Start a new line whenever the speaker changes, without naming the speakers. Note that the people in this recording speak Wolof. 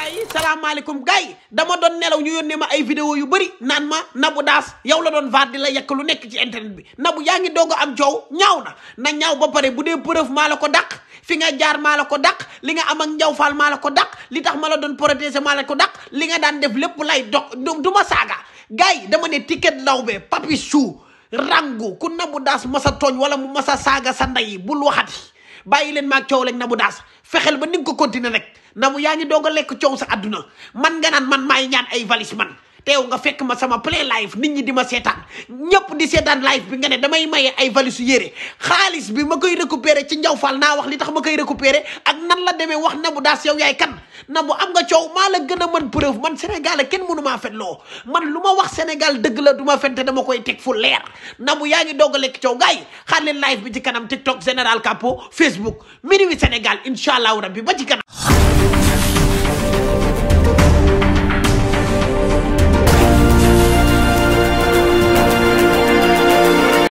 gars yi salaamaaleykum gars yi dama doon nelaw ñu yónnee ma ay vidéo yu bëri naan ma Nabou Daas yow la doon vaar di la yekk lu nekk ci internet bi nabu yaa ngi doog am coow ñaaw na na ñaaw ba pare bu dee preuve maa la ko dàq fi nga jaar maa la ko dàq li nga am ak njaw faal maa la ko dàq li tax ma la doon protéger maa la ko dàq li nga daan def lépp lay dox du ma saaga gars yi dama ne ticket lawbe papi suu rangu ku Nabou Daas masa tooñ wala mu masa saaga sa ndey bul waxati bàyyi leen maak coow lañ Nabou Daas fexeel ba ni nga ko continuer rek na mu yaa ñi doog a lekk coow sa àdduna man nga naan man maay ñaan ay valise man teew nga fekk ma sama plein live nit ñi di ma seetaan ñëpp di seetaan live bi nga ne damay maye ay valisu yére xaalis bi ma koy récupérer ci Ndiaw Fall naa wax li tax ma koy récupérer ak nan la demee wax Nabou Dash yow yaay kan Nabou am nga coow maa la gën a mën preuve man Sénégal kenn mënuma maa loo man lu ma wax Sénégal dëgg la duma ma fente dama koy teg fu leer Nabou yaa ngi doog a lekk coow gars yi xaar leen live bi ci kanam TikTok Général Capo Facebook Minuit Sénégal incha allahu rabbi ba ci kanam